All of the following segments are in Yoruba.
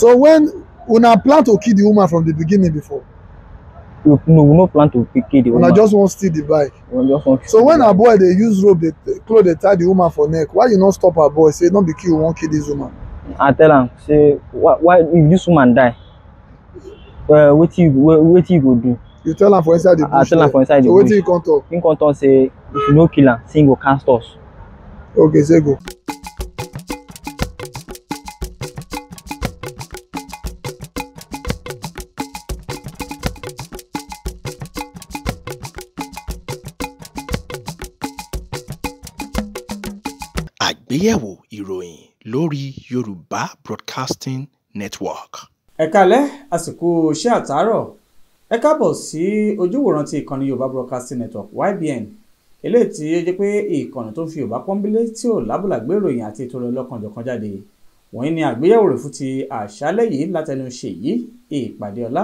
so when una plan to kill the woman from the beginning before we no we no plan to kill the woman una just wan steal the bike una just wan so when her boy they use rope they close, they tie the woman for neck why you no stop our boy say no be kill we wan kill this woman i tell him. say why why if this woman die uh, eh, what you what what you go do you tell him for inside the bush i tell him for inside the bush so wetin he come talk he say if you no kill am say cast us okay say go. àgbéyẹ̀wò ìròyìn lórí Yorùbá Broadcasting Network. ẹ kálẹ́ àsìkò iṣẹ́ àtàárọ̀ ẹ káàbọ̀ sí ojúwòran ti ìkànnì Yorùbá Broadcasting Network YBN eléyìí tí ó jẹ́ pé ìkànnì tó ń fi Yorùbá pọ́nbélé tí ò lábùlà gbé ìròyìn àti ètò rẹ̀ lọ́kànjọ̀kan jáde wọ̀nyí ni àgbéyẹ̀wò rẹ̀ fún ti àṣálẹ́ yìí látẹnu Ṣèyí Ìpàdéọlá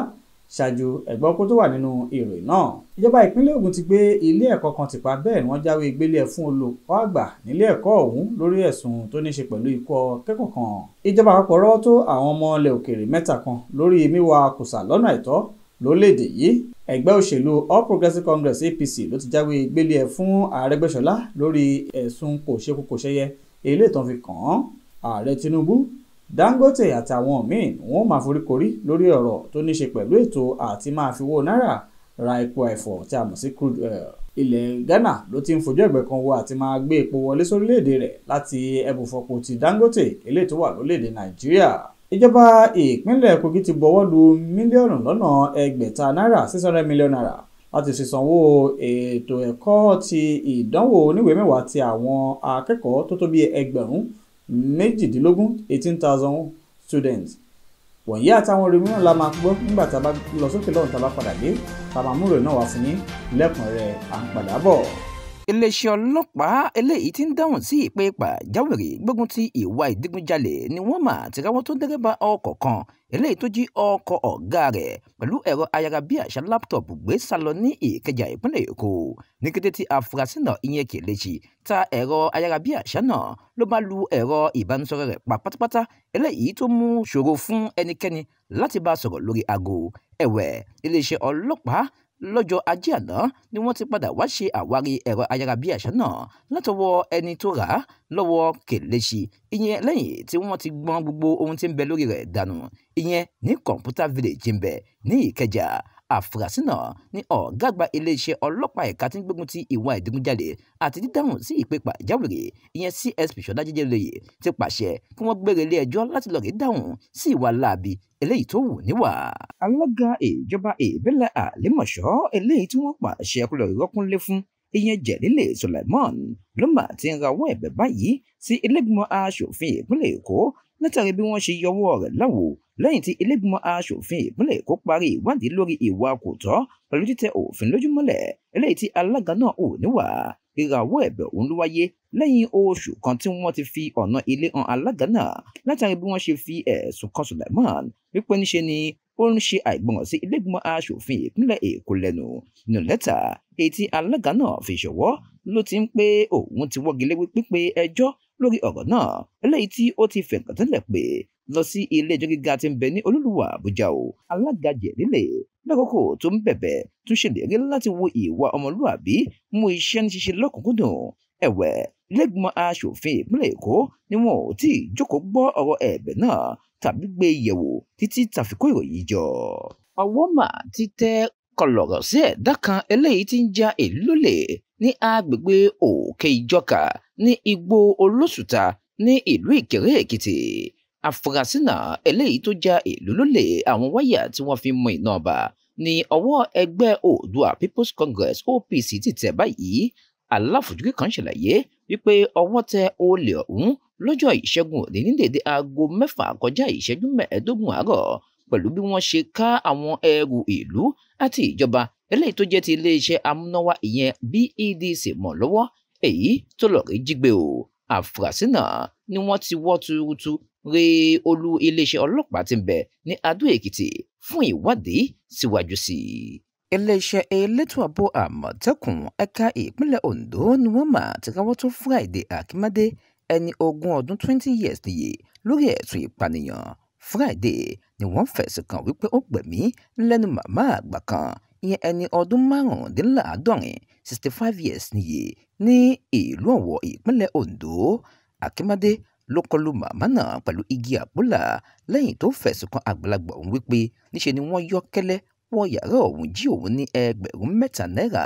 ṣáájú ẹ̀gbọ́n kó tó wà nínú ìròyìn náà. ìjọba ìpínlẹ̀ Ògùn ti gbé ilé ẹ̀kọ́ kan tìpa bẹ́ẹ̀ ni wọ́n jáwé gbélé ẹ̀ fún olùkọ́ àgbà nílé ẹ̀kọ́ ọ̀hún lórí ẹ̀sùn tó ní ṣe pẹ̀lú ikú akẹ́kọ̀ọ́ kan. ìjọba àpapọ̀ rọ́wọ́ tó àwọn ọmọ ilẹ̀ òkèèrè mẹ́ta kan lórí míwa kùsà lọ́nà àìtọ́ lórílẹ̀‐èdè yìí ẹgbẹ́ òṣèlú All Progressives Congress APC ló ti jáwé gbélé ẹ̀ fún Arẹ́gbẹ́ṣọlá lórí ẹ̀sùn kò ṣe kò ṣẹyẹ eléyìí tán fi kàn án Ààrẹ Tinubu Dangote àtàwọn míín wọn máa foríkorí lórí ọ̀rọ̀ tó ní ṣe pẹ̀lú ètò àti máa fi owó náírà ra epo ẹ̀fọ́ tí a mọ̀ sí crude oil. ilẹ̀ Ghana ló ti ń fojú ẹ̀gbẹ́ kan wo àti máa gbé epo wọlé sórílẹ̀-èdè rẹ̀ láti ẹ̀bùfọ̀pọ̀ ti Dangote eléyìí tó wà lórílẹ̀-èdè Nàìjíríà. ìjọba ìpínlẹ̀ Kogi ti bọwọ́ lu mílíọ̀nù lọ́nà ẹgbẹ̀ta náírà six hundred million naira láti fi sanwó ètò ẹ̀kọ́ ti ìdánwò oníwèé mẹ́wàá ti àwọn akẹ́kọ̀ọ́ tó tó bíi ẹgbẹ̀rún méjìdínlógún eighteen thousand students wọ̀nyí àtàwọn orin mìíràn la máa gbọ́ nígbà tá a bá lọ sókè lọ́run tá a bá padà dé tá a máa múrò náà wá fún yín lẹ́kùnrẹ́rẹ́ à ń padà bọ̀ iléeṣẹ́ ọlọ́pàá eléyìí tí ń dáhùn sí ìpè pàjáwìrì gbógun ti ìwà ìdigunjalè ni wọ́n mà ti tó dẹ́rẹ́bà ọkọ̀ kan eléyìí tó jí ọkọ̀ ọ̀gá rẹ̀ pẹ̀lú ẹ̀rọ ayárabíàṣá láptọ̀pù gbé sálọ ní ìkẹjà ìpínlẹ̀ èkó ní kété tí afurasí náà ìyẹn Kelechi ta ẹ̀rọ ayárabíàṣá náà ló bá lu ẹ̀rọ ìbánisọ̀rọ̀ rẹ̀ pa pátápátá eléyìí tó mú ṣòro fún ẹnikẹ́ni láti bá sọ̀rọ̀ lórí aago ẹ̀wẹ̀ iléeṣẹ́ ọlọ́pàá lọ́jọ́ ajé àná ni wọ́n ti padà wá ṣe àwárí ẹ̀rọ ayárabíàṣá náà látọwọ́ ẹni tó rà á lọ́wọ́ Kelechi ìyẹn lẹ́yìn tí wọ́n ti gbọ́n gbogbo ohun tí ń bẹ lórí rẹ̀ dànù ìyẹn ní Computer Village ń bẹ ní Ìkẹjà àfúrásì náà ni ọ̀gá àgbà iléeṣẹ́ ọlọ́pàá ẹ̀ka tí ń gbógun ti ìwà ìdigunjalè àti dídáhùn sí ìpè pàjáwìrì ìyẹn CSP Ṣọ̀dájẹjẹ Lóyè ti pàṣẹ kí wọ́n gbére ilé ẹjọ́ láti lọ́ọ́ rí dáhùn sí ìwà láabi eléyìí tó wù níwà. alága ìjọba ìbílẹ̀ àlímọ̀ṣọ́ eléyìí tí wọ́n pàṣẹ kúlọ̀ ìrọ́kúnlé fún ìyẹn jẹ̀lílẹ̀ Suleiman ló mà ti ń rawọ́ ẹ̀bẹ̀ báyìí sí ilégbèmọ̀ aṣòfin ìpínlẹ̀ Èkó látàrí bí wọ́n ṣe yọwọ́ rẹ̀ láwo lẹ́yìn tí ilégbìmọ̀ aṣòfin ìpínlẹ̀ èkó parí ìwádìí lórí ìwà kò tọ́ pẹ̀lú títẹ òfin lójúmọ́lẹ̀ eléyìí tí alága náà ò níwà ìràwọ̀ ẹ̀bẹ̀ òun ló wáyé lẹ́yìn oṣù kan tí wọ́n ti fi ọ̀nà ilé han alága náà látàrí bí wọ́n ṣe fi ẹ̀sùn kan Suleiman wípé níṣe ni ó ń ṣe àìgbọràn sí ilégbìmọ̀ aṣòfin ìpínlẹ̀ èkó lẹ́nu nù lẹ́tà èyí tí alága náà fi ṣọwọ́ ló ti ń pé òun ti wọ́gi lé pípé ẹjọ́ lórí ọ̀rọ̀ náà eléyìí tí ó ti fẹ̀gàn tẹ́lẹ̀ pé lọ sí ilé ẹjọ́ gíga tí ń bẹ ní olúluwà àbújá o alága jẹ̀rílẹ̀ lákòókò tó ń bẹ̀bẹ̀ tún ṣèlérí láti wo ìwà ọmọlúwàbí mú iṣẹ́ ní ṣíṣe lọ́kùnkúndùn ẹ̀wẹ̀ lẹ́gbọ̀n aṣòfin ìpínlẹ̀ èkó ni wọn ò tí ì jókòó gbọ́ ọ̀rọ̀ ẹ̀bẹ̀ náà tàbí gbé yẹ̀wò títí tàfikó ìròyìn jọ. ọwọ́ mà ti tẹ kọlọ̀rọ̀ sí ẹ̀dá kan eléyìí tí ń ja èlú lólè ní agbègbè òkè ìjọka ní igbó olóṣùta ní ìlú ìkéré èkìtì afurasí náà eléyìí tó já ìlú lólè àwọn wáyà tí wọ́n fi mú iná ọba ní ọwọ́ ẹgbẹ́ Oòduà People's Congress OPC ti tẹ̀ báyìí aláfojúrí kan ṣàlàyé wípé ọwọ́ tẹ olè ọ̀hún lọ́jọ́ ìṣẹ́gun òní ní dédé aago mẹ́fà kọjá ìṣẹ́jú mẹ́ẹ̀ẹ́dógún àárọ̀ pẹ̀lú bí wọ́n ṣe ká àwọn ẹrù ìlú àti ìjọba eléyìí tó jẹ́ ti iléeṣẹ́ amúnáwá ìyẹn BEDC mọ̀ lọ́wọ́ èyí tó lọ́ọ́ jígbe o àfúrásì náà ni wọ́n ti wọ́ tuurutu re olú iléeṣẹ́ ọlọ́pàá ti ń bẹ ní Adó Èkìtì fún ìwádìí síwájú sí i. iléeṣẹ́ elétò ààbò Àmọ̀tẹ́kùn ẹ̀ka ìpínlẹ̀ Ondo ni wọ́n mà ti káwọ́ tó Friday akimade ẹni ogún ọdún twenty years nìyí lórí ẹ̀sùn ìpànìyàn Friday ni wọ́n fẹ̀sùn kàn wípé ó gbẹ̀mí lẹ́nu màmá àgbà kan ìyẹn ẹni ọdún márùndínláàádọ́rin sixty five years nìyí ní ìlú Ọ̀wọ̀ ìpínlẹ̀ Ondo akimade ló kọlu màmá náà pẹ̀lú igi àpólà lẹ́yìn tó fẹ̀sùn kan àgbàlagbà òun wípé níṣe ni wọ́n yọ́ kẹ́lẹ́ wọ yàrá òun jí òun ní ẹgbẹ̀rún mẹ́ta náírà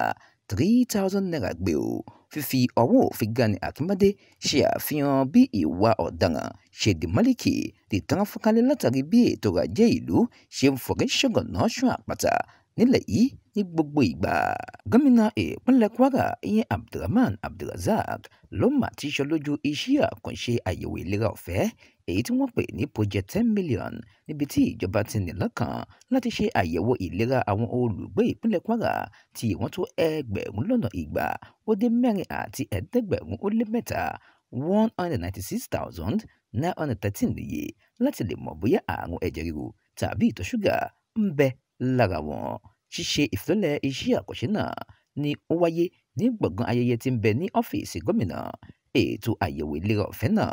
three thousand naira gbé o fífi ọwọ́ òfin gani akínbádé ṣe àfihàn bí ìwà ọ̀daràn ṣe di málìkì lè tán fúnkalẹ̀ látàrí bí ètò ọrọ̀ ajé ìlú ṣe ń forí ṣọ̀gànná ṣún àpáta nílẹ̀ yìí ní gbogbo ìgbà gómìnà ìpínlẹ̀ Kwara ìyẹn Abdulrahman Abdulrazak ló mà ti sọ lójú iṣẹ́ àkànṣe àyẹ̀wò ìlera ọ̀fẹ́ èyí tí wọ́n pè ní project ten million níbi tí ìjọba ti ní lọ́kàn láti ṣe àyẹ̀wò ìlera àwọn olùgbé ìpínlẹ̀ Kwara tí wọ́n tó ẹgbẹ̀rún lọ́nà ìgbà ó dé mẹ́rin àti ẹ̀ẹ́dẹ́gbẹ̀rún ó lé mẹ́ta one hundred ninety six thousand nine hundred thirteen nìyí láti lè mọ̀ bóyá àrùn ẹ̀jẹ̀ ríru tàbí ìtọ̀ ṣúgà ń bẹ lára wọn ṣíṣe ìfilọ́lẹ̀ iṣẹ́ àkànṣe náà ni ó wáyé ní gbọ̀ngàn ayẹyẹ tí ń bẹ ní ọ́fíìsì gómìnà ètò àyẹ̀wò ìlera ọ̀fẹ́ náà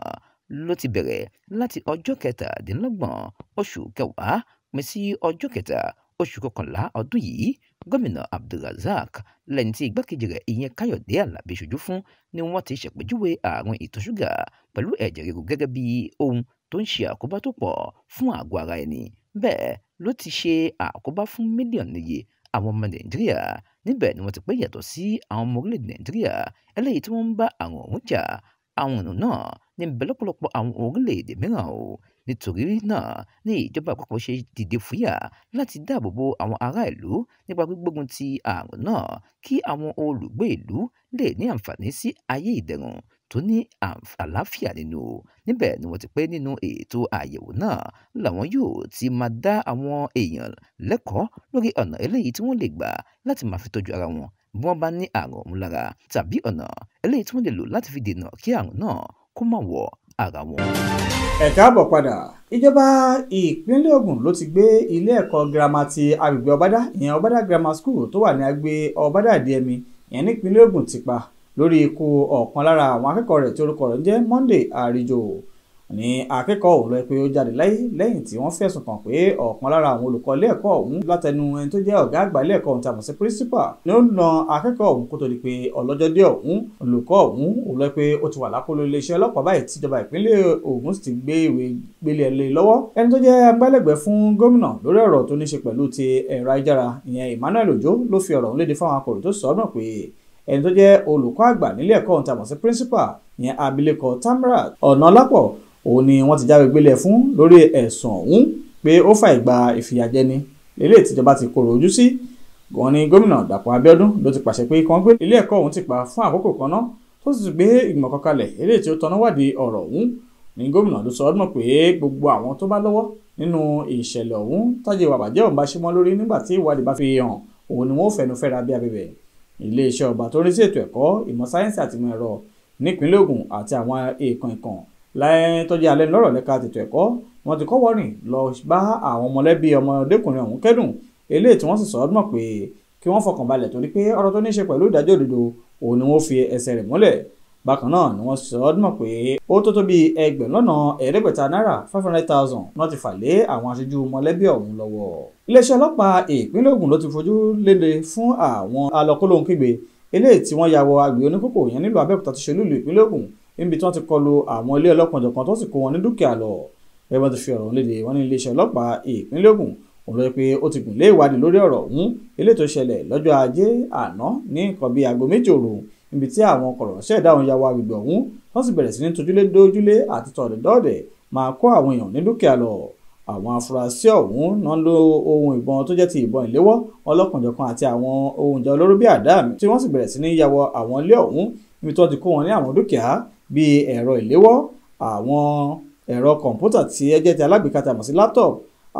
ló ti bẹ̀rẹ̀ láti ọjọ́ kẹtàdínlọ́gbọ̀n oṣù kẹwàá pín sí ọjọ́ kẹta oṣù kọkànlá ọdún yìí gómìnà abdulrasaq lẹ́yìn tí igbákejì rẹ̀ ìyẹn káyọ̀dé alábí ṣojú fún ni wọ́n ti ṣàpèjúwe àrùn ìtọ̀ ṣúgà pẹ̀lú ẹ̀jẹ̀ ríru gẹ́gẹ́ bí ohun tó ń ṣe àkóbá tó pọ̀ fún àgọ́ ara ẹni bẹ́ẹ̀ ló ti ṣe àkóbá fún mílíọ̀nù iye àwọn ọmọ nàìjíríà níbẹ̀ ni wọ́n ti pé yàtọ̀ sí àwọn ọmọ orílẹ̀-èdè nàìjíríà eléyìí tí wọ́n ń bá àwọn òun jà àwọn ọ̀nà náà ní bẹ̀lọ́pọ̀lọpọ̀ àwọn orílẹ̀-èdè mìíràn o nítorí náà ní ìjọba àpapọ̀ ṣe dìde fúyà láti dáàbò bo àwọn ará ìlú nípa gbígbógun ti àrùn náà kí àwọn olùgbé ìlú lè ní àǹfààní sí ayé ìdẹ̀rùn tó ní àlàáfíà nínú níbẹ̀ ni wọ́n ti pé nínú ètò àyẹ̀wò náà làwọn yóò ti máa dá àwọn èèyàn lẹ́kọ̀ọ́ lórí ọ̀nà eléyìí tí wọ́n lè gbà láti máa fi tọ́jú ara wọn bí wọ́n bá ní àrùn ọ̀hún lára tàbí ọ̀nà eléyìí tí wọ́n lè lò láti fi dènà kí àrùn náà kó má wọ ara wọn. ẹ káàbọ̀ padà ìjọba ìpínlẹ̀ Ògùn ló ti gbé ilé ẹ̀kọ́ girama ti agbègbè Ọbádá ìyẹn Ọbádá Grammar School tó wà ní agbè Ọbádá Ìdíyẹmí ìyẹn nípínlẹ̀ Ògùn ti pa lórí ikú ọ̀kan lára àwọn akẹ́kọ̀ọ́ rẹ̀ tí orúkọ rẹ̀ ń jẹ́ Monday Arijo ní akẹ́kọ̀ọ́ òun lọ pé ó jáde láyé lẹ́yìn tí wọ́n fẹ̀sùn kàn pé ọ̀kan lára àwọn olùkọ́ ilé ẹ̀kọ́ ọ̀hún látẹnu ẹni tó jẹ́ ọ̀gá àgbà ilé ẹ̀kọ́ tàbí sí principal ni ó na akẹ́kọ̀ọ́ ọ̀hún kó tó di pé ọlọ́jọ́ dé ọ̀hún olùkọ́ ọ̀hún òun lọ pé ó ti wà lákòóló iléeṣẹ́ ọlọ́pàá báyìí tíjọba ìpínlẹ̀ Ògùn sì ti gbé ìwé gbélé ẹ̀ lé e lọ́wọ́ ẹni tó jẹ́ agbálẹ̀gbẹ́ fún gómìnà lórí ọ̀rọ̀ tó ní Emmanuel Ojo ló fi ọ̀rọ̀ òun léde fáwọn ẹni tó jẹ́ olùkọ́ àgbà nílé ẹ̀kọ́ ohun tàbọ̀ sí principal yẹn abilékọ Tamirat Ọ̀nàlápọ̀ òun ni wọ́n ti jáwé gbélé fún lórí ẹ̀sùn ọ̀hún pé ó fa ìgbà ìfìyàjẹni lélẹ̀ tíjọba ti kóró ojú sí wọ́n ní gómìnà Dàpọ̀ Abíọ́dún ló ti pàṣẹ pé kàn gbé ilé ẹ̀kọ́ ọ̀hún ti pa fún àkókò kan náà tó sì gbé ìgbìmọ̀ kan kalẹ̀ eléyìí tí ó tọ́ná wádìí ọ̀rọ̀ ọ̀hún ní gómìnà ló sọ ọdún pé gbogbo àwọn tó bá lọ́wọ́ nínú ìṣẹ̀lẹ̀ ọ̀hún tájé wàbàjẹ́ ọ̀hún bá ṣe mọ́ lórí nígbà tí ìwádìí bá fi hàn òun ni wọ́n fẹnu fẹ́ra bí abẹ́bẹ́ iléeṣẹ́ ọba tó rí sí ètò ẹ̀kọ́ ìmọ̀ sáyẹ́ǹsì àti ìmọ̀ ẹ̀rọ nípínlẹ̀ Ògùn àti àwọn èèkàn ìkàn tọ́jú alẹ́ lọ́rọ̀ lẹ́ka ètò ẹ̀kọ́ wọn ti kọ́wọ́ rìn lọ bá àwọn mọ̀lẹ́bí ọmọdékùnrin ọ̀hún kẹ́dùn eléyìí tí wọ́n sì sọ ọ́ mọ̀ pé kí wọ́n fọkàn balẹ̀ torí pé ọ̀rọ̀ tó ní í ṣe pẹ̀lú ìdájọ́ òdodo òun ni wọ́n fi ẹsẹ̀ rẹ̀ múlẹ̀ bákan náà ni wọ́n sọ ọ́ dùnmọ̀ pé ó tó tó bíi ẹgbẹ̀rún lọ́nà ẹ̀ẹ́dẹ́gbẹ̀ta náírà five hundred thousand wọ́n ti fà lé àwọn aṣojú mọ̀lẹ́bí ọ̀hún lọ́wọ́. iléeṣẹ́ ọlọ́pàá ìpínlẹ̀ Ògùn ló ti fojú léde fún àwọn alọ́kólóhunkígbe eléyìí tí wọ́n ya wọ agbègbè oníkókò yẹn nílùú Abẹ́òkúta ti ṣe olú ìlú ìpínlẹ̀ Ògùn níbi tí wọ́n ti kọlu àwọn ilé ọlọ́kanjọ̀kan tó sì kó wọn ní dúkìá lọ bẹ́ẹ̀ bá ti fi ọ̀rọ̀ léde wọ́n ní iléeṣẹ́ níbi tí àwọn kọ̀rọ̀ṣẹ́ ìdáhùn ya wa agbègbè ọ̀hún wọ́n sì bẹ̀rẹ̀ sí ní tojúlé dójúlé àti tọ̀dẹ̀dọ́dẹ̀ máa kó àwọn èèyàn ní dúkìá lọ àwọn afurasí ọ̀hún náà ń lo ohun ìbọn tó jẹ́ ti ìbọn ìléwọ́ ọlọ́kànjọ̀kan àti àwọn ohun ìjà olóró bíi àdá tí wọ́n sì bẹ̀rẹ̀ sí ní ya wọ àwọn ilé ọ̀hún níbi tí wọ́n ti kó wọn ní àwọn dúkìá bíi ẹ̀rọ ìléwọ́ àwọn ẹ̀rọ kọ̀ǹpútà tí ẹ ti alágbèéká tá a sí laptop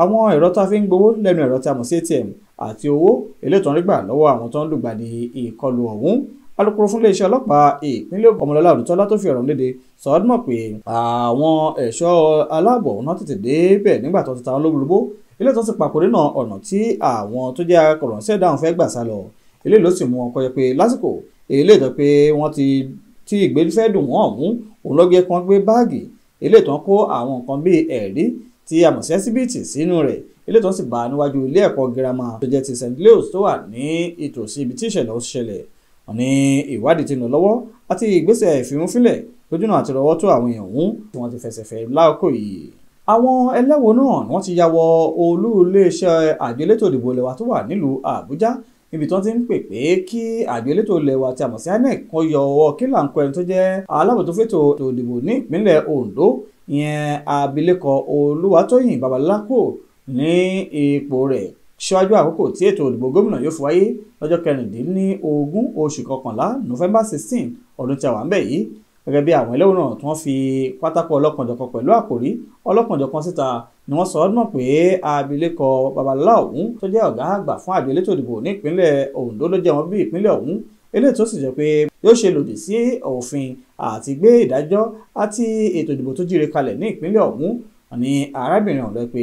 àwọn ẹ̀rọ tá a fi ń gbowó lẹ́nu ẹ̀rọ tá a mọ̀ sí ATM àti owó eléyìí tó lọ́wọ́ àwọn tó ń lùgbàdì ìkọlù ọ̀hún alukoro fún iléeṣẹ́ ọlọ́pàá ìpínlẹ̀ ọmọlọ́lá olùtọ́lá tó fi ọ̀rọ̀ léde sọ́ọ́dún mọ̀ pé àwọn ẹ̀ṣọ́ aláàbọ̀ náà tètè débẹ̀ nígbà tó ti ta wọn lóbulóbó ilé tó ti pàkórí náà ọ̀nà tí àwọn tó jẹ́ akọ̀rọ̀nsẹ́ dáhùn fẹ́ gbà sá lọ ilé ló sì mú wọn kọjá pé lásìkò ilé ìtọ́ pé wọ́n ti tí ìgbéfẹ́ dùn wọ́n ọ̀hún òun ló gbé kan gbé báàgì ilé ìtọ́ kó àwọn nǹkan bíi ẹ̀rí ti àmọ̀sí ẹsibítì sínú rẹ̀ ilé ìtọ́ sì bá níwájú ilé ẹ̀kọ́ girama tó jẹ́ ti st leos tó wà ní ìtòsí ibi tí ìṣẹ̀lẹ̀ ó ṣẹlẹ̀ wọn ní ìwádìí ti nù lọ́wọ́ àti ìgbésẹ̀ ìfimúfilẹ̀ lójúnà àti rọwọ́ tó àwọn èèyàn ọ̀hún tí wọ́n ti fẹsẹ̀ fẹ́ láòkò yìí àwọn ẹlẹ́wọ̀n náà ni wọ́n ti ya wọ olú iléeṣẹ́ àjọ elétò ìdìbò ilẹ̀ wa tó wà nílùú Àbújá níbi tí wọ́n ti ń pè pé kí àjọ elétò ilẹ̀ wa tí a mọ̀ sí INEC kan yọ ọwọ́ kílàǹkọ́ ẹni tó jẹ́ alábòójútó fètò ìdìbò ní ìpínlẹ̀ Ondo ìyẹn abilékọ Olúwatóyìn Babaláko ní ipò rẹ̀ ṣíwájú àkókò tí ètò òdìbò gómìnà yóò fi wáyé lọ́jọ́ kẹrìndínlógún oṣù kọkànlá november sixteen ọdún tí a wà ń bẹ̀ yìí gẹ́gẹ́ bí àwọn ẹlẹ́wọ̀n náà tí wọ́n fi pátákó ọlọ́kanjọ̀kan pẹ̀lú àkòrí ọlọ́kanjọ̀kan síta ni wọ́n sọ ọ́ náà pé abilékọ babalọ́lá ọ̀hún tó jẹ́ ọ̀gá àgbà fún àjọ elétò ìdìbò nípínlẹ̀ ondo ló jẹ́ wọn bí ìpínlẹ̀ ọ̀hún eléyìí tó sì jẹ́ pé yóò ṣe lòdì sí òfin àti gbé ìdájọ́ àti ètò ìdìbò tó jíire kalẹ̀ ní ìpínlẹ̀ ọ̀hún ni arábìnrin ọ̀lẹ́ pé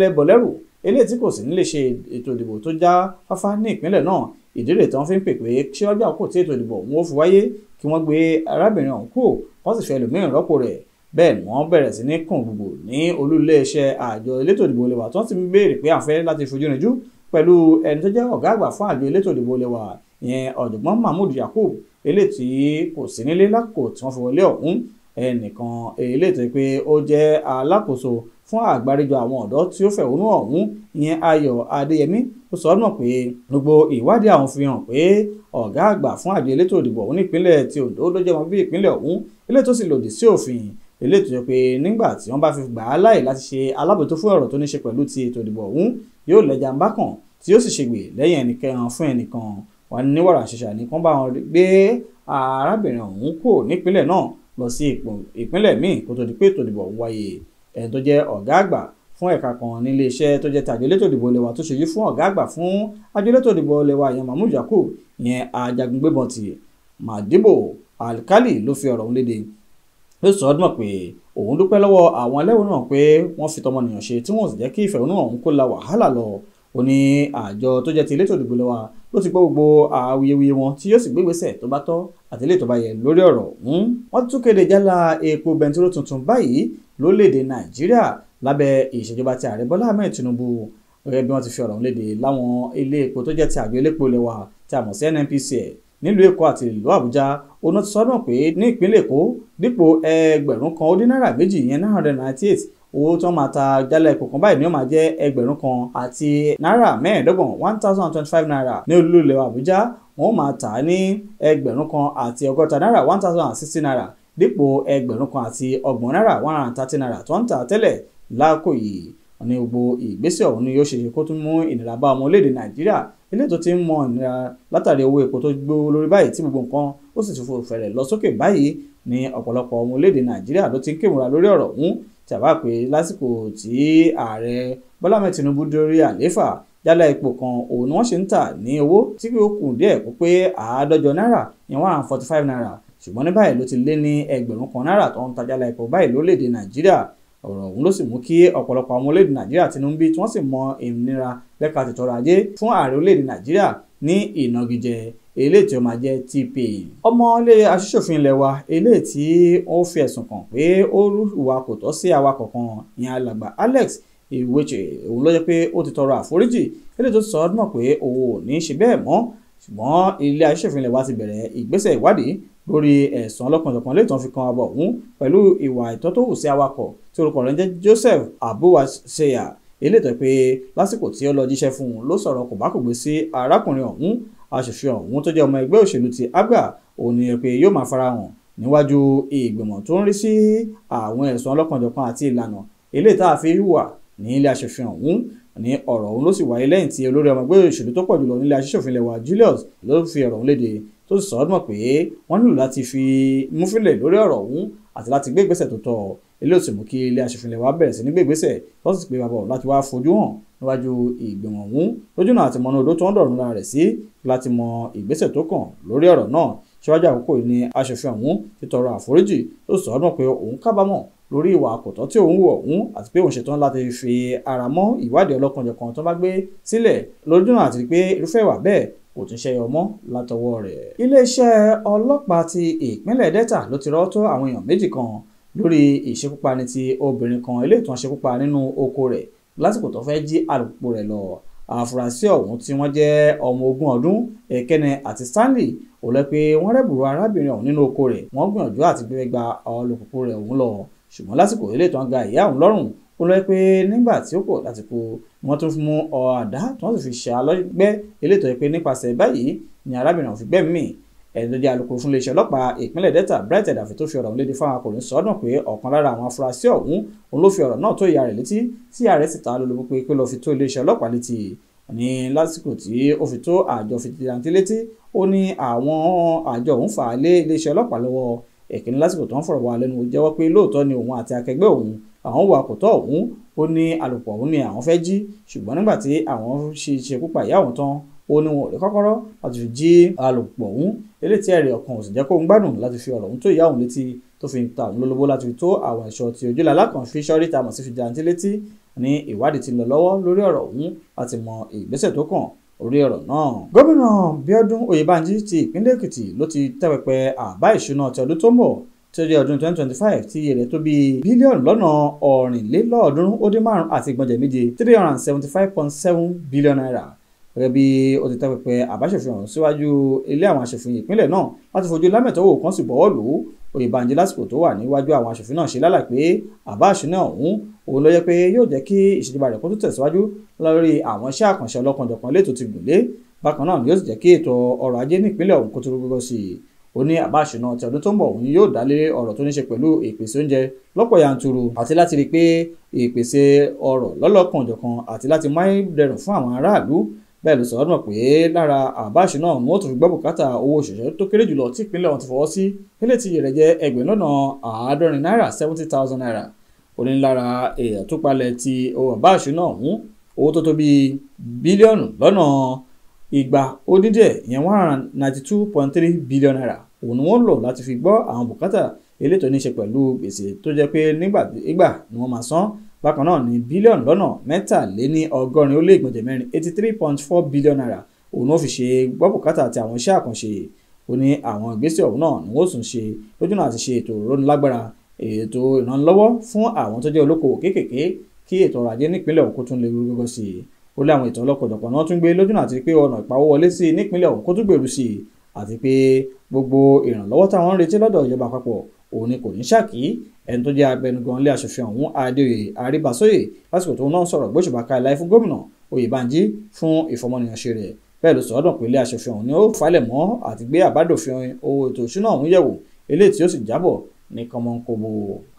lẹ́bọ̀ lẹ́rù eléyìí tí kò sì ní lè ṣe ètò ìdìbò tó já fáfá ní ìpínlẹ̀ náà ìdí rèé tí wọ́n fi ń pè pé síwájú àkókò tí ètò ìdìbò wọn ó fi wáyé kí wọ́n gbé arábìnrin ọ̀hún kú wọ́n sì fẹ́ lòmíràn rọ́pò rẹ̀ bẹ́ẹ̀ ni wọ́n bẹ̀rẹ̀ sí ní kàn gbogbo ní olú iléeṣẹ́ àjọ elétò ìdìbò ilé wa tí wọ́n sì ń béèrè pé àfẹ́ láti fojú rìnjú pẹ̀lú ẹni tó jẹ́ ọ̀gá àgbà fún àjọ elétò ìdìbò ilé wa ìyẹn ọ̀jọ̀gbọ́n mahmood yakub eléyìí tí kò sí nílé lákòó tí wọ́n fi wọlé ọ̀hún ẹnìkan eléyìí tó pé ó jẹ́ alákòóso fún àgbáríjọ àwọn ọ̀dọ́ tí ó fẹ̀hónú ọ̀hún ìyẹn Ayọ̀ Adéyẹmí ó sọ náà pé gbogbo ìwádìí àwọn fi hàn pé ọ̀gá àgbà fún àjọ elétò ìdìbò ọ̀hún nípínlẹ̀ ti Ondo ló ọmọ bíi ìpínlẹ̀ ọ̀hún ilé sì lòdì sí òfin ilé yẹ pé nígbà tí wọ́n bá fi gbà á láì láti ṣe alábòójútó fún ọ̀rọ̀ tó ní ṣe pẹ̀lú ti ètò ìdìbò ọ̀hún yóò lẹ́jà ń bá tí yóò sì ṣègbè lẹ́yìn ẹnìkan fún ẹnìkan wà ní wàrà ṣẹṣà ní bá wọn gbé arábìnrin ọ̀hún kò nípínlẹ̀ náà lọ sí ìpínlẹ̀ míì kó tó di pé ètò ìdìbò ọ̀hún wáyé ẹni tó jẹ́ ọ̀gá àgbà fún ẹ̀ka kan nílé iṣẹ́ tó jẹ́ ti àjọ elétò ìdìbò ilé wa tó ṣe yí fún ọ̀gá àgbà fún àjọ elétò ìdìbò ilé wa ìyẹn mahmood yakubu ìyẹn ajagungbébọn ti madibo alkali ló fi ọ̀rọ̀ òun léde ló sọ ọdún pé òun dúpẹ́ lọ́wọ́ àwọn ẹlẹ́wọ̀n náà pé wọ́n fi tọmọnìyàn ṣe tí wọ́n sì jẹ́ kí ìfẹ̀hónú ọ̀hún kó la wàhálà lọ ó ní àjọ tó jẹ́ lórílẹ̀‐èdè nàìjíríà lábẹ́ ìṣèjọba ti ààrẹ bọ́lá ahmed tinubu gẹ́gẹ́ bí wọ́n ti fi ọ̀rọ̀ léde láwọn ilé epo tó jẹ́ ti àjọ elépo ilẹ̀ wa tí a mọ̀ sí nnpcl nílùú èkó àti ìlú àbújá oná ti sọdún pé ní ìpínlẹ̀ èkó dípò ẹgbẹ̀rún kan ó dín náírà méjì yẹn nine hundred ninety eight owó tí wọ́n máa ta jálẹ̀ epo kan báyìí ni ó máa jẹ́ ẹgbẹ̀rún kan àti náírà mẹ́ẹ̀ẹ́dọ́gbọ̀n one thousand twenty five naira ní olú ilẹ̀ àbújá wọ́n máa tà á ní ẹgbẹ̀rún kan àti ọgọ́ta náírà one thousand and sixty naira dípò ẹgbẹ̀rún kan àti ọgbọ̀n náírà one hundred and thirty naira tó ń tà tẹ́lẹ̀ láàkó yìí wọn ní gbogbo ìgbésẹ̀ ọ̀hún ni yóò ṣe kó tún mú ìnira bá ọmọ orílẹ̀-èdè nàìjíríà ilé tó ti ń mọ ìnira látàrí owó epo tó gbó lórí báyìí tí gbogbo nǹkan ó sì ti fò fẹ̀rẹ̀ lọ sókè báyìí ní ọ̀pọ̀lọpọ̀ ọmọ orílẹ̀-èdè nàìjíríà ló ti ń kéwòrán lórí ọ̀rọ̀ ọ̀hún tàbá pé lásìkò tí ààrẹ bọ́lá mẹ́ẹ̀ tinubu dórí àlééfà jálá epo kan òun ni wọ́n ṣe ń tà ní owó tí ó kù díẹ̀ kó pé àádọ́jọ náírà ìyẹn one hundred and forty five naira ṣùgbọ́n ní báyìí ló ti lé ní ẹgbẹ̀rún kan náírà tó ń tajà la epo báyìí lórílẹ̀‐èdè nàìjíríà ọ̀rọ̀ ọ̀hún ló sì mú kí ọ̀pọ̀lọpọ̀ àwọn orílẹ̀‐èdè nàìjíríà tinú ń bí tí wọ́n sì mọ ìnira lẹ́ka tètò ọrọ̀ ajé fún ààrẹ orílẹ̀‐èdè nàìjíríà ní ìnagijẹ eléyìí ó máa jẹ́ TPA. ọmọ aṣíṣòfin ilẹ̀ wa eléyìí ó fi ẹ̀sùn kàn pé ó wà kò tọ́ sí awakọ̀ kan ìyẹn alàgbà Alex Iweche òun ló jẹ́ pé ó ti tọrọ àforíjì eléyìí tó sọ ọ́ náà pé òun ò ní í ṣe bẹ́ẹ̀ mọ́ ṣùgbọ́n ilé aṣíṣòfin ilẹ̀ wa ti bẹ̀rẹ̀ ìgbésẹ̀ ìwádìí lórí ẹ̀sùn ọlọ́kanjọ̀kan léètàn fi kan àbọ̀ ọ̀hún pẹ̀lú ìwà ìtọ́ tó hù sí awakọ̀ tí orúkọ rẹ̀ ń jẹ́ Joseph Abuwaseya eléètò pé lásìkò tí ó lọ jíṣẹ́ fún un ló sọ̀rọ̀ kò bá kò gbé sí arákùnrin ọ̀hún aṣòfin ọ̀hún tó jẹ́ ọmọ ẹgbẹ́ òṣèlú ti ABGA òun ni pé yóò máa farahàn níwájú ìgbìmọ̀ tó ń rí sí àwọn ẹ̀sùn ọlọ́kanjọ̀kan àti ìlànà eléyìí tá a fi wà ní ilé aṣòfin ọ̀hún ní ọ̀rọ̀ ọ̀hún ló sì wáyé lẹ́yìn tí olórí ọmọ ẹgbẹ́ òṣèlú tó pọ̀ jùlọ nílé aṣòfin lẹ́wà Julius ló fi ọ̀rọ̀ ọ̀hún léde tó sì sọ ọ́ mọ̀ pé wọ́n nílò láti fi múfílẹ̀ lórí ọ̀rọ̀ ọ̀hún àti láti gbé ìgbésẹ̀ tó tọ́ eléyìí sì mú kí ilé aṣòfin ilẹ̀ wa bẹ̀rẹ̀ sí ní gbé ìgbésẹ̀ tó sì pé bàbá láti wá fojú hàn níwájú ìgbìmọ̀ ọ̀hún lójú náà àti mọ̀nà odó tó ń dọ̀rùn rẹ̀ sí láti mọ ìgbésẹ̀ tó kàn lórí ọ̀rọ̀ náà síwájú àkókò ni aṣòfin ọ̀hún ti tọrọ àforíjì tó sọ ọ́ pé òun kábàámọ̀ lórí ìwà àkọ́tọ́ tí òun wù ọ̀hún àti pé òun ṣetán láti fi ara mọ́ ìwádìí ọlọ́kanjọ̀kan tó bá gbé sílẹ̀ lójú àti pé irúfẹ́ ìwà bẹ́ẹ̀ kò tún ṣẹyọ mọ́ látọwọ́ rẹ̀. iléeṣẹ́ ọlọ́pàá ti ìpínlẹ̀ delta ló ti rọ́ tó àwọn èèyàn méjì kan lórí ìṣekúpani ti obìnrin kan eléyìí tí wọ́n ṣekúpa nínú oko rẹ̀ lásìkò tó fẹ́ jí àlùkò rẹ̀ lọ àfúrásì ọ̀hún tí wọ́n jẹ́ ọmọ ogún ọdún ẹ̀kẹ́nẹ àti stanley ò wọ́n rẹ́bùrú arábìnrin ọ̀hún nínú oko rẹ̀ wọ́n gbìyànjú àti gbẹ́gbẹ́ gba ọlọ́kùnkùn rẹ̀ ọ̀hún lọ ṣùgbọ́n lásìkò eléyìí tí ga ìyá ọ̀hún lọ́rùn ó lọ́ pé nígbà tí ó pọ̀ láti kú wọ́n tún mú ọ̀dà tí wọ́n sì fi ṣá lọ́gbẹ́ elétò yìí pé nípasẹ̀ báyìí ni arábìnrin ọ̀hún fi gbẹ́mí mì ẹni tó jẹ́ alukoro fún iléeṣẹ́ ọlọ́pàá ìpínlẹ̀ Delta Bright Ẹ̀dàfẹ́ tó fi ọ̀rọ̀ léde fáwọn akọ̀ròyìn sọ́dún pé ọ̀kan lára àwọn afurasí ọ̀hún òun ló fi ọ̀rọ̀ náà tó ìyá rẹ̀ létí tí ààrẹ sì ta lólobó pé pé lọ́ọ́ fi tó iléeṣẹ́ ọlọ́pàá létí ní lásìkò tí ó fi tó àjọ fìdíjàntì létí ó ní àwọn àjọ òun fà á lé iléeṣẹ́ ọlọ́pàá lọ́wọ́ èkìní lásìkò tó ń fọ̀rọ̀ wá lẹ́nu jẹ́wọ́ pé lóòótọ́ ni òun àti akẹgbẹ́ òun àwọn wà kò tọ́ ọ̀hún ó ní àlòpọ̀ ọ̀hún ni àwọn fẹ́ jí ṣùgbọ́n nígbà tí àwọn ṣe ṣekú pa ìyá òun tán ó ní wọn ò rí kọ́kọ́rọ́ láti fi jí àlòpọ̀ ọ̀hún eléyìí tí ẹ̀rì ọkàn òsì jẹ́ kó ń gbádùn láti fi ọ̀rọ̀ ọ̀hún tó ìyá òun létí tó fi ń ta òun lólobó láti fi tó àwọn ẹ̀ṣọ́ ti ojúlá lákàn fi ṣọ́rí ta mọ̀ sí fi jantí létí ní ìwádìí ti lọ lọ́wọ́ lórí ọ̀rọ̀ ọ̀hún láti mọ ìgbésẹ̀ tó kàn orí ọ̀rọ̀ náà. gómìnà Bíọ́dún Oyèbánjí ti ìpínlẹ̀ Èkìtì ló ti tẹ́pẹpẹ àbá ìṣúná ti ọdún tó ń bọ̀ tó jẹ́ ọdún 2025 tí iye rẹ̀ tó bíi bílíọ̀nù lọ́nà ọ̀rìnlélọ́ọ̀ọ́dúnrún ó dín márùn-ún àti ìgbọ̀njẹ̀ méje 375.7 bílíọ̀nù náírà gẹ́gẹ́ bí ó ti tápẹ́pẹ́ àbáṣòfin ọ̀hún síwájú ilé àwọn aṣòfin ìpínlẹ̀ náà láti fojú lámẹ̀tọ́wò kan sì bọ́ọ̀ lò ó Oyèbánjí lásìkò tó wà níwájú àwọn aṣòfin náà ṣe lálà pé àbá àṣìná ọ̀hún òun ló yẹ pé yóò jẹ́ kí ìṣèjọba rẹ̀ kó tó tẹ̀síwájú lórí àwọn iṣẹ́ àkànṣe ọlọ́kanjọ̀kan létò ti gùn lé bákan náà ni yóò sì jẹ́ kí ètò ọrọ̀ ajé nípínlẹ̀ ọ̀hún kó tó rúgbọ́gbọ́ sí i ó ní àbá àṣùnà ti ọdún tó ń bọ̀ òun yóò dálé ọ̀rọ̀ tó ní ṣe pẹ̀lú ìpèsè oúnjẹ lọ́pọ̀ yanturu àti láti rí i pé ìpèsè ọrọ̀ lọ́lọ́kanòjọ̀kan àti láti máa ń dẹrùn fún àwọn aráàlú bẹ́ẹ̀ ló sọ ọdún pé lára àbá àṣùnà òun ó tún fi gbọ́ bùkátà owó òṣìṣẹ́ tó kéré jùlọ tí ìpínlẹ̀ wọn ti fọwọ́ sí kílẹ̀ tí rẹ̀ jẹ́ ẹgbẹ̀rún lọ́nà àádọ́rin náírà seventy thousand naira onílára èèyàn tó palẹ̀ ti owó àbá àṣùnà òun ìgbà ó dín díẹ̀ ìyẹn one hundred ninety two point three billion naira òun ni wọ́n lò láti fi gbọ́ àwọn bùkátà eléyìí tó ní ṣe pẹ̀lú gbèsè tó jẹ́ pé nígbàdégbà ni wọ́n máa san bákan náà ní bílíọ̀nù lọ́nà mẹ́tàléní ọgọ́rin ó lé ìgbọ̀njẹ̀ mẹ́rin eighty three point four billion naira òun ó fi ṣe gbọ́ bùkátà àti àwọn iṣẹ́ àkànṣe ó ní àwọn ìgbésẹ̀ ọ̀hún náà ni wọ́n tún ṣe lójúnà àti ṣe ètò ìrónilágbára ètò ìrànlọ́wọ́ fún àwọn tó jẹ́ olókòwò kéékèèké kí ètò ọrọ̀ ajé nípínlẹ̀ òkú tún lè rú gọ́gọ́ sí i ó lé àwọn ìtàn ọlọ́pọ̀dọ̀pọ̀ náà tún gbé lójúnà àti pé ọ̀nà ìpawówọlé sí nípínlẹ̀ ọ̀hún kó tún gbèrú sí i àti pé gbogbo ìrànlọ́wọ́ táwọn ń retí lọ́dọ̀ ìjọba àpapọ̀ òun ni kò ní ṣàkí ẹni tó jẹ́ abẹnugan ilé aṣòfin ọ̀hún adéoyè àríbàsóyè lásìkò tóun náà sọ̀rọ̀ gbóṣùbà ká ilá fún gómìnà oyèbánjí fún ìfọmọnìyànṣe rẹ̀ bẹ́ẹ̀ ló sọ ọ̀dọ̀ pé ilé aṣòfin ọ̀hún ni ó falẹ̀ mọ́ àti gbé àbádòfin owó ètò ìṣúná ọ̀hún yẹ̀wò eléyìí tí ó sì jábọ̀ ní kọ́mọ́nkóbó.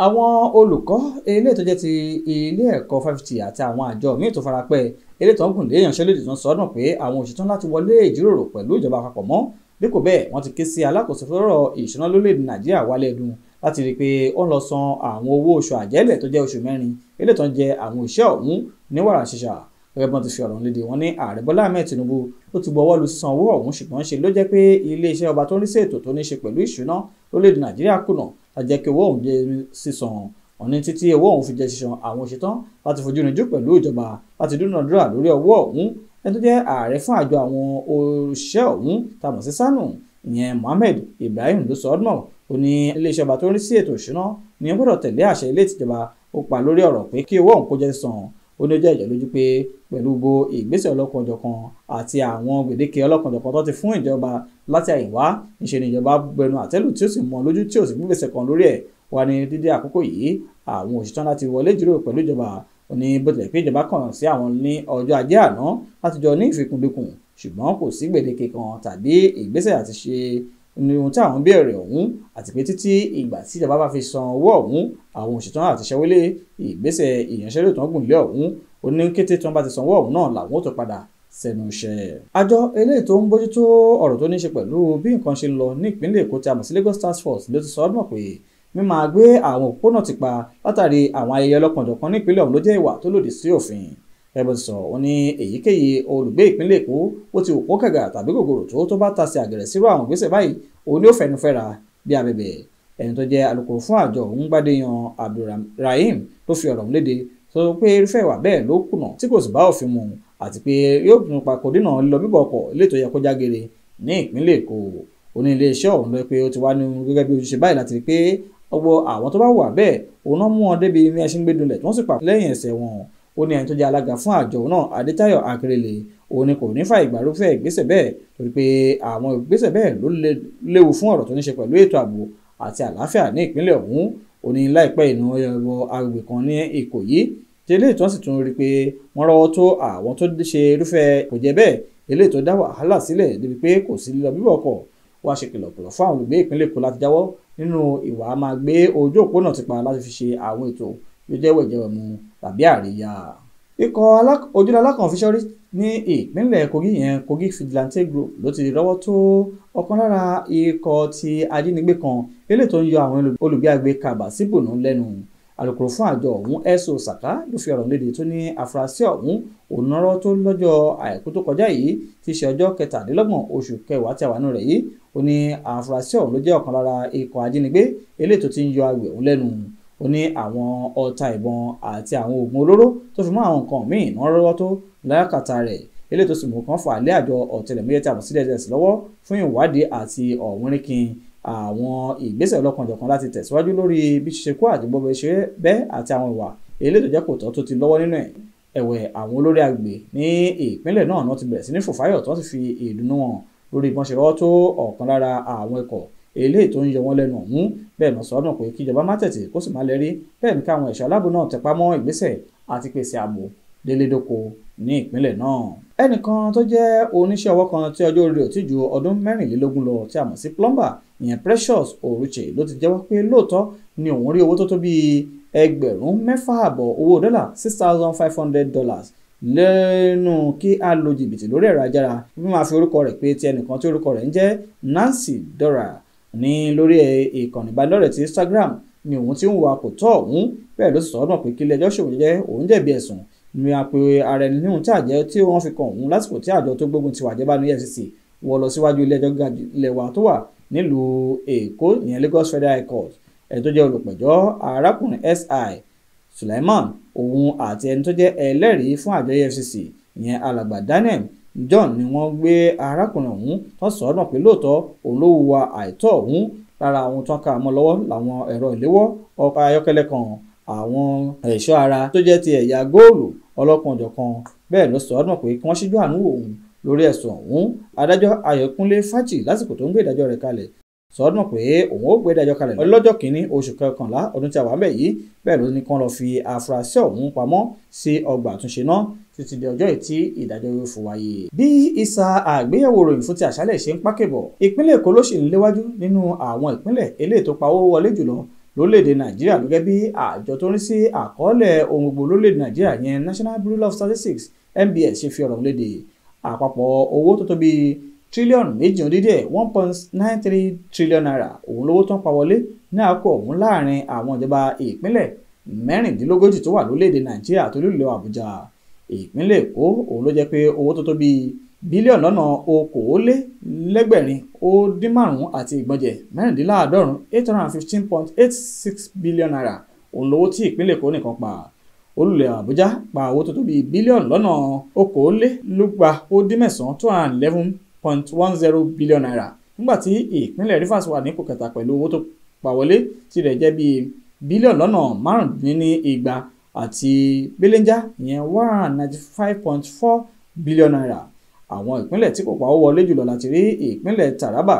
àwọn olùkọ́ ilé tó jẹ́ ti ilé ẹ̀kọ́ five t àti àwọn àjọ míì tó farapẹ́ ilé tó ń gùn lé ìyanṣẹ́lódì tó ń sọdún pé àwọn òṣìṣẹ́ láti wọlé ìjíròrò pẹ̀lú ìjọba àpapọ̀ mọ́ bí kò bẹ́ẹ̀ wọ́n ti ké sí alákòóso fọ́rọ̀ ìṣúná lórílẹ̀‐èdè nàìjíríà wálé ẹdùn láti rí i pé ó ń lọ san àwọn owó oṣù àjẹ́lẹ̀ tó jẹ́ oṣù mẹ́rin ilé tó ń jẹ àwọn òṣìṣẹ́ ọ̀hún ní wàrà ṣíṣà gẹ́gẹ́ bí wọ́n ti fi ọ̀rọ̀ léde wọn ní ààrẹ bọ́lá ahmed tinubu ó ti buwọ́ lu sísan owó ọ̀hún ṣùgbọ́n ṣe ló jẹ́ pé iléeṣẹ́ ọba tó ń rí sí ètò tó ní ṣe pẹ̀lú ìṣúná lórílẹ̀‐èdè nàìjíríà kùnà a jẹ́ kí owó ọ̀hún jẹ́ sísan ọ̀ní títí owó ọ̀hún fi jẹ́ sísan àwọn òṣetán láti fojú rìnjú pẹ̀lú ìjọba láti dúnàdúrà lórí owó ọ̀hún ẹni tó jẹ́ ààrẹ fún àjọ àwọn òṣìṣẹ́ ọ̀hún tá mọ̀ sí sanu ìyẹn Mohammed Ibrahim ló sọ ọ́ náà ó ní iléeṣẹ́ ọba tó ń rí sí ètò ìṣúná ni wọ́n gbọ́dọ̀ tẹ̀lé àṣẹ ilé ìtìjọba ó pa lórí ọ̀rọ̀ pé kí owó ọ̀hún kó jẹ́ sísan ó ní ó jẹ́ ìjọ́lójú pé pẹ̀lú gbogbo ìgbésẹ̀ ọlọ́kanòjọ̀kan àti àwọn gbèdéke ọlọ́kanòjọ̀kan tó ti fún ìjọba láti àyìnwá níṣẹ́ ni ìjọba gbẹnu àtẹ́lù tí ó sì mọ lójú tí ó sì gbígbèsè kan lórí ẹ̀ wá ní dídé àkókò yìí àwọn òṣìṣẹ́ láti wọlé ìjíròrò pẹ̀lú ìjọba ó ní bó tilẹ̀ pé ìjọba kàn sí àwọn ní ọjọ́ ajé àná láti jọ ní ìfikùndukùn ṣùgbọ́n kò sí gbèdéke kan tàbí ìgbésẹ̀ àti ṣe ni ohun tí àwọn béèrè ọ̀hún àti pé títí ìgbà tí ìjọba bá fi san owó ọ̀hún àwọn òṣìṣẹ́ àti ṣẹ́wọ́lé ìgbésẹ̀ ìyanṣẹ́lẹ̀ tó ń gùn lé ọ̀hún oní kété tí wọ́n bá ti sanwó ọ̀hún náà làwọn ó tó padà sẹ́nu iṣẹ́. àjọ eléyìí tó ń bójútó ọ̀rọ̀ tó ní ṣe pẹ̀lú bí nǹkan ṣe lọ ní ìpínlẹ̀ èkó tí a mọ̀ sí Lagos Task Force ló ti sọ ọdún pé mímáa gbé àwọn òpópónà tìpa látàrí àwọn ayẹyẹ ọlọ́kanòjọ̀kan ní ìpínlẹ̀ ọ̀hún ló jẹ́ ìwà tó lòdì sí òfin ẹbí sọ wọn ní èyíkéyìí olùgbé ìpínlẹ̀ èkó ó ti òpó kàgà tàbí kòkòrò tó tó bá tasẹ̀ àgẹ̀rẹ̀ sírò àwọn ìgbésẹ̀ báyìí òun ni ó fẹnufẹ́ra bí abẹ̀bẹ̀ ẹni tó jẹ́ alukoro fún àjọ ọ̀hún Gbádéyan Abdulrahim ló fi ọ̀rọ̀ léde sọ pé irúfẹ́ ìwà bẹ́ẹ̀ ló kùnà tí kò sì bá òfin mu àti pé yóò tún papọ̀ dínà lílọ bíbọ̀ ọkọ̀ ilé tó yẹ kó jágere ní ìpínlẹ̀ èkó òní iléeṣẹ́ ọ̀hún lọ pé ó ti wá ní gẹ́gẹ́ bí ojúṣe báyìí láti rí pé ọgbọ́ àwọn tó bá wà bẹ́ẹ̀ òun náà mú wọn débi ní ẹṣin gbẹdùnlẹ̀ tí wọ́n sì pàpọ̀ lẹ́yìn ẹsẹ̀ wọn ó ní ẹni tó jẹ́ alága fún àjọ náà adétayọ̀ akérèlé òun ni kò ní fa ìgbàrúfẹ́ ìgbésẹ̀ bẹ́ẹ̀ torí pé àwọn ìgbésẹ̀ bẹ́ẹ̀ ló léwu fún ọ̀rọ̀ tó ní ṣe pẹ̀lú ètò ààbò àti àlàáfíà ní ìpínlẹ̀ ọ̀hún ó ní láìpẹ́ ìnú ẹ̀rọ agbègbè kan ní ìkòyí tí eléyìí tó ń sì tún rí pé wọ́n rọ́wọ́ tó àwọn tó ṣe irúfẹ́ kò jẹ́ bẹ́ẹ̀ eléyìí tó dá wàhálà sílẹ̀ débi pé kò sí lílọ bíbọ̀ ọkọ̀ wá ṣe kìlọ̀kìlọ̀ fún àwọn olùgbé ìpínlẹ̀ Èkó láti jáwọ́ nínú ìwà máa gbé ojú òpó náà ti pa láti fi ṣe àwọn ètò ló jẹ́ wẹ̀jẹ̀wẹ̀mu tàbí àríyá. ikọ̀ ojúlá alákànfíṣọ́rí ní ìpínlẹ̀ Kogi yẹn Kogi Vigilante Group ló ti rọ́wọ́ tó ọ̀kan lára ikọ̀ ti ajínigbé kan eléyìí tó ń yọ àwọn olùgbé agbè Kaba síbùnú lẹ́nu alukoro fún àjọ ọ̀hún S.O. Saka ló fi ọ̀rọ̀ léde tó ní afurasí ọ̀hún ònàrọ̀ tó lọ́jọ́ àìkú tó kọjá yìí ti ṣe ọjọ́ kẹtàdínlọ́gbọ̀n oṣù kẹwàá tí a wà nù rẹ̀ yìí ó ní afurasí ọ̀hún ló jẹ́ ọ̀kan lára ikọ̀ ajínigbé eléyìí tó ti ń yọ agbè ọ̀hún lẹ́nu ó ní àwọn ọta ìbọn àti àwọn oògùn olóró tó fi mọ́ àwọn nǹkan míì náà rọ́wọ́ tó lákàtà rẹ̀ eléyìí tó sì mú kan fà lé àjọ ọ̀tẹlẹ̀múyẹ́ tí a mọ̀ sí DSS lọ́wọ́ fún ìwádìí àti ọ̀wọ́nríkin àwọn ìgbésẹ̀ ọlọ́kanjọ̀kan láti tẹ̀síwájú lórí bí ṣíṣe kó àdúgbò bẹ́ẹ̀ ṣe bẹ́ẹ̀ àti àwọn ìwà eléyìí tó jẹ́ kò tọ́ tó ti lọ́wọ́ nínú ẹ̀ ẹ̀wẹ̀ àwọn olórí àgbè ní ìpínlẹ̀ náà náà ti bẹ̀rẹ̀ sí ní fòfáyọ̀ tó ti fi ìdùnnú wọn lórí ìbọn ṣe rọ́ tó ọ̀kan lára àwọn ikọ̀ eléyìí tó ń yọ wọ́n lẹ́nu ọ̀hún bẹ́ẹ̀ lọ sọ́nà pé kíjọba má tètè kó sì má lẹ́rí bẹ́ẹ̀ ni káwọn ẹ̀ṣọ́ aláàbò náà tẹpá mọ́ ìgbésẹ̀ àti pèsè ààbò délédoko ní ìpínlẹ̀ náà. ẹnìkan tó jẹ́ oníṣẹ́ ọwọ́ kan tí ọjọ́ orí rẹ̀ ò tí ju ọdún mẹ́rìnlélógún lọ tí a mọ̀ sí plumber ìyẹn Precious Oruche ló ti jẹ́wọ́ pé lóòótọ́ ni òun rí owó tó tó bíi ẹgbẹ̀rún mẹ́fà àbọ̀ owó dọ́là six thousand five hundred dollars lẹ́nu kí a lo jìbìtì lórí ẹ̀rọ ajára bí wọ́n máa fi orúkọ rẹ̀ pé ti ẹnìkan tí orúkọ rẹ̀ ń jẹ́ Nancy Dora ní lórí ìkànnì ìbánidọ́rẹ̀ẹ́ ti Instagram ni òun ti ń wa kò tọ́ òun bẹ́ẹ̀ ló sì sọ ọ́nà pé kí ilé ẹjọ́ ṣòwò jẹ́ òun jẹ̀bi ẹ̀sùn ní apè ara ẹni níhùn tí àjẹ́ tí wọ́n fi kan òun lásìkò tí àjọ tó gbógun ti wà jẹ́ bá ní EFCC wọ́ lọ síwájú ilé ẹjọ́ gíga ilé wa tó wà nílùú Èkó ìyẹn Lagos Federal High Court ẹni tó jẹ́ olùpẹ̀jọ́ arákùnrin SI Suleiman òun àti ẹni tó jẹ́ ẹlẹ́rìí fún àjọ EFCC ìyẹn alàgbà Daniel John ni wọ́n gbé arákùnrin ọ̀hún tán sọ ọ́ náà pé lóòótọ́ òun ló hùwà àìtọ́ ọ̀hún lára àwọn tó ń ká àmọ́ lọ́wọ́ làwọn ẹ̀rọ ìléwọ́ ọkọ̀ ayọ́kẹ́lẹ́ kan àwọn ẹ̀ṣọ́ ara tó jẹ́ ti ẹ̀yà góòlù ọlọ́kanòjọ̀kan bẹ́ẹ̀ ló sọ ọ́ náà pé kí wọ́n ṣíjú àánú òun lórí ẹ̀sùn ọ̀hún adájọ́ ayọ̀kúnlé fájì lásìkò tó ń gbé ìdájọ́ rẹ̀ kalẹ̀ sọdún pé òun ó gbé ìdájọ́ kalẹ̀ lọ́jọ́ kìíní oṣù kọkànlá ọdún tí a wà ń bẹ̀ yìí bẹ́ẹ̀ ló ní kí wọ́n lọ fi afurasí ọ̀hún pamọ́ sí ọgbà àtúnṣe náà títí di ọjọ́ ìtí ìdájọ́ yóò fi wáyé. bí ìsà àgbéyẹ̀wò ròyìn fún ti àṣálẹ̀ ṣe ń pákẹ́bọ̀ ìpínlẹ̀ èkó ló sì ń léwájú nínú àwọn ìpínlẹ̀ eléyìí tó pawó wọlé jùlọ lórílẹ̀‐èdè nàìjíríà gẹ́gẹ́ bí àjọ tó ń rí sí àkọọ́lẹ̀ ohun gbogbo lórílẹ̀‐èdè nàìjíríà yẹn National Bureau of Statistics NBS ṣe fi ọ̀rọ̀ léde àpapọ̀ owó tó tó bíi tírílíọ̀nù méjì ó dín one point nine three trillion naira òun lówó tó ń pa wọlé ní àkókò ọ̀hún láàrin àwọn ìjọba ìpínlẹ̀ mẹ́rìndínlógójì tó wà lórílẹ̀‐èdè nàìjíríà tó lùlọ àbújá ìpínlẹ̀ èkó òun ló jẹ́ pé owó tó tó bíi bílíọ̀nù lọ́nà okòólélẹ́gbẹ̀rin ó dín márùn-ún àti ìgbọ̀njẹ̀ mẹ́rìndínláàádọ́rùn eight hundred and fifteen point eight six billion naira òun lówó tí ìpínlẹ̀ èkó nìkan pa olùlẹ̀ àbújá pa owó tó tó bíi bílíọ̀nù lọ́nà okòólélúgba ó dín mẹ́sàn-án two hundred and eleven point one zero billion naira nígbà tí ìpínlẹ̀ rivers wà nípò kẹta pẹ̀lú owó tó pa wọlé tirẹ̀ jẹ́ bíi bílíọ̀nù lọ́nà márùndínní igba àti belenja ìyẹn one hundred ninety five point four billion naira àwọn ìpínlẹ̀ tí kò pa owó wọlé jùlọ láti rí ìpínlẹ̀ Taraba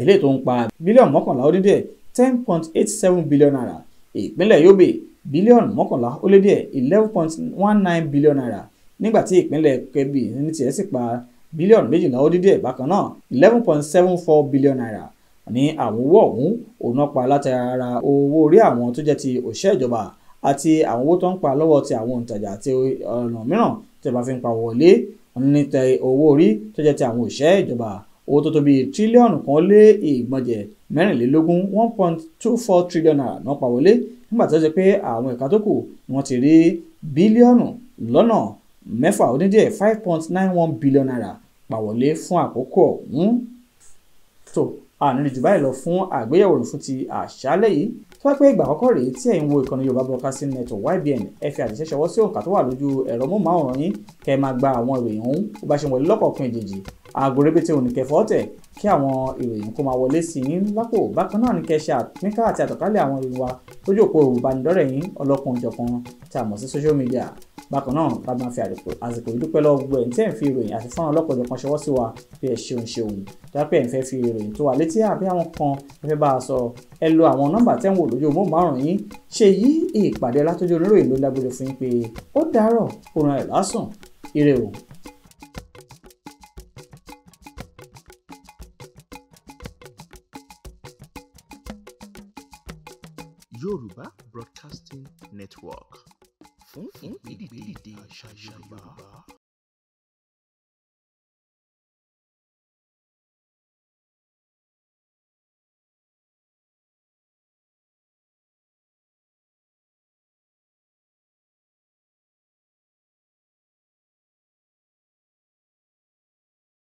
eléyìí tó ń pa bílíọ̀nù mọ́kànlá ó dín díẹ̀ ten point eight seven billion naira ìpínlẹ̀ Yobe bílíọ̀nù mọ́kànlá ó lé díẹ̀ eleven point one nine billion naira nígbà tí ìpínlẹ̀ Kebbi ní tiẹ̀ sì pa bílíọ̀nù méjìlá ó dín díẹ̀ bákan náà eleven point seven four billion naira ní àwọn owó ọ̀hún òun náà pa látara owó orí àwọn tó jẹ́ ti òṣìṣẹ́ àti àwọn owó tó ń pa lọ́wọ́ ti àwọn òǹtajà àti ọ̀nà mìíràn tí a bá fi ń pa wọlé níta owó orí tó jẹ́ ti àwọn òṣìṣẹ́ ìjọba owó tó tó tírílíọ̀nù kan lé ìgbọ̀njẹ mẹ́rìnlélógún one point two four trillion naira náà pa wọlé nígbà tó ṣe pé àwọn ẹ̀ka tó kù wọ́n ti rí bílíọ̀nù lọ́nà mẹ́fà ó dín díẹ̀ five point nine one billion naira pa wọlé fún àkókò ọ̀hún. tó àníri jù báyìí lọ fún àgbéyẹ̀wò rẹ̀ fún ti àṣálẹ́ yìí tó bá pé ìgbà àkọ́kọ́ rèé tí ẹ̀yin wo ìkànnì yorùbá broadcasting network ybn ẹ fi àtẹ̀ṣẹ́ ṣọwọ́ sí òǹkà tó wà lójú ẹ̀rọ móhùnmáwòrán yín kẹ́ ẹ máa gba àwọn ìròyìn ọ̀hún bó bá ṣe wọlé lọ́kọ̀ọ̀kan ìjèjì aago rébété òní kẹfọ́ tẹ̀ kí àwọn ìròyìn kó máa wọlé sí yín lápò bákan náà ní kẹṣà pínká àti àtọ̀kálẹ̀ àwọn ìròyìn wa lójú òpó ìbánidọ́rẹ̀ yín ọlọ́kùn ìjọ̀kan tá a mọ̀ sí social media bákan náà ká máa fi àsìkò ìdúpẹ́ lọ́wọ́ gbogbo ẹ̀yìn tí ẹ̀ ń fi ìròyìn àti fọ́nrán ọlọ́pọ̀ ìjọ̀kan ṣọwọ́ sí wa bí ẹ ṣeun ṣeun dápẹ́ ẹ̀ ń fẹ́ fi ìròyìn tó wà létí àbí àwọn kan ẹ fẹ́ bá a sọ ẹ lo àwọn nọ́mbà tẹ́ ń wò lójú mọ́ márùn-ún yín ṣe yí ìpàdé ọlátọ́jú oníròyìn ló lágbèrè fún yín pé ó dárọ̀ òun ẹ̀ lásùn ire o. Yorùbá Broadcasting Network fún ìgbédìde àṣà Yorùbá.